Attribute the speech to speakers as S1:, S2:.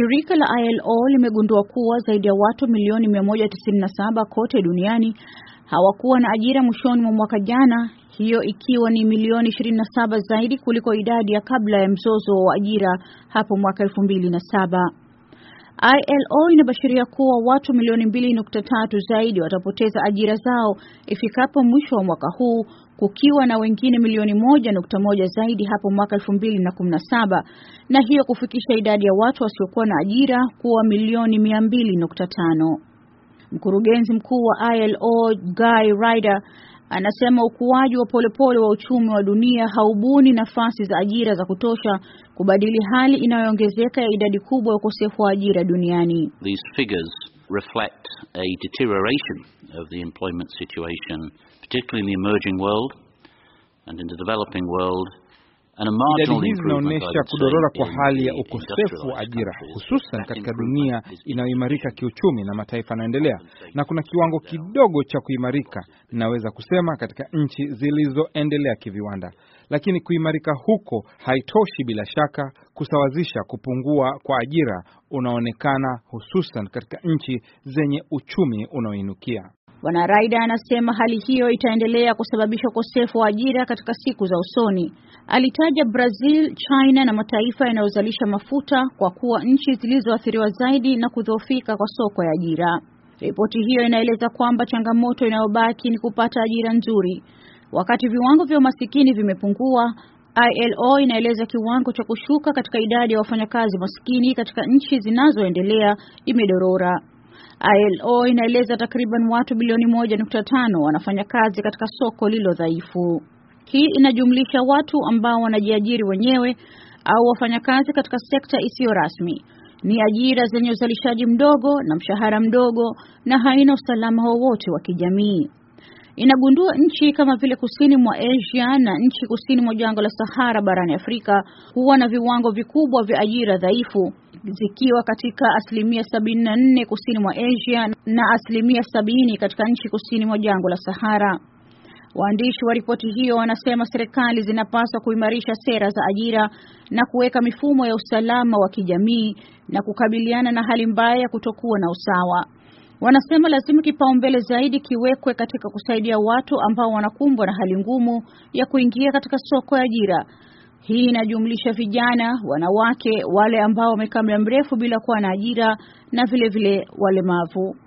S1: Shirika la ILO limegundua kuwa zaidi ya watu milioni 197 kote duniani hawakuwa na ajira mwishoni mwa mwaka jana, hiyo ikiwa ni milioni 27 zaidi kuliko idadi ya kabla ya mzozo wa ajira hapo mwaka 2007. ILO inabashiria kuwa watu milioni mbili nukta tatu zaidi watapoteza ajira zao ifikapo mwisho wa mwaka huu kukiwa na wengine milioni moja nukta moja zaidi hapo mwaka elfu mbili na kumi na saba na hiyo kufikisha idadi ya watu wasiokuwa na ajira kuwa milioni mia mbili nukta tano. Mkurugenzi mkuu wa ILO Guy Ryder Anasema ukuaji wa polepole wa uchumi wa dunia haubuni nafasi za ajira za kutosha kubadili hali inayoongezeka ya idadi kubwa ya ukosefu wa ajira duniani. These figures reflect a deterioration of the employment situation particularly in the emerging world and in the developing
S2: world. Idadi hizi zinaonyesha kudorora kwa hali ya ukosefu wa ajira hususan katika dunia inayoimarika kiuchumi na mataifa yanaendelea, na kuna kiwango kidogo cha kuimarika naweza kusema katika nchi zilizoendelea kiviwanda, lakini kuimarika huko haitoshi. Bila shaka, kusawazisha kupungua kwa ajira unaonekana hususan katika nchi zenye uchumi unaoinukia.
S1: Bwana Raida anasema hali hiyo itaendelea kusababisha ukosefu wa ajira katika siku za usoni. Alitaja Brazil, China na mataifa yanayozalisha mafuta kwa kuwa nchi zilizoathiriwa zaidi na kudhoofika kwa soko ya ajira. Ripoti hiyo inaeleza kwamba changamoto inayobaki ni kupata ajira nzuri. Wakati viwango vya umasikini vimepungua, ILO inaeleza kiwango cha kushuka katika idadi ya wafanyakazi maskini katika nchi zinazoendelea imedorora. ILO inaeleza takriban watu bilioni 1.5 wanafanya kazi katika soko lilo dhaifu. Hii inajumlisha watu ambao wanajiajiri wenyewe au wafanyakazi katika sekta isiyo rasmi. Ni ajira zenye uzalishaji mdogo na mshahara mdogo na haina usalama wowote wa kijamii. Inagundua nchi kama vile kusini mwa Asia na nchi kusini mwa jangwa la Sahara barani Afrika huwa na viwango vikubwa vya ajira dhaifu zikiwa katika asilimia sabini na nne kusini mwa Asia na asilimia sabini katika nchi kusini mwa jangwa la Sahara. Waandishi wa ripoti hiyo wanasema serikali zinapaswa kuimarisha sera za ajira na kuweka mifumo ya usalama wa kijamii na kukabiliana na hali mbaya ya kutokuwa na usawa. Wanasema lazima kipaumbele zaidi kiwekwe katika kusaidia watu ambao wanakumbwa na hali ngumu ya kuingia katika soko ya ajira. Hii inajumlisha vijana, wanawake, wale ambao wamekaa muda mrefu bila kuwa na ajira na vile vile walemavu.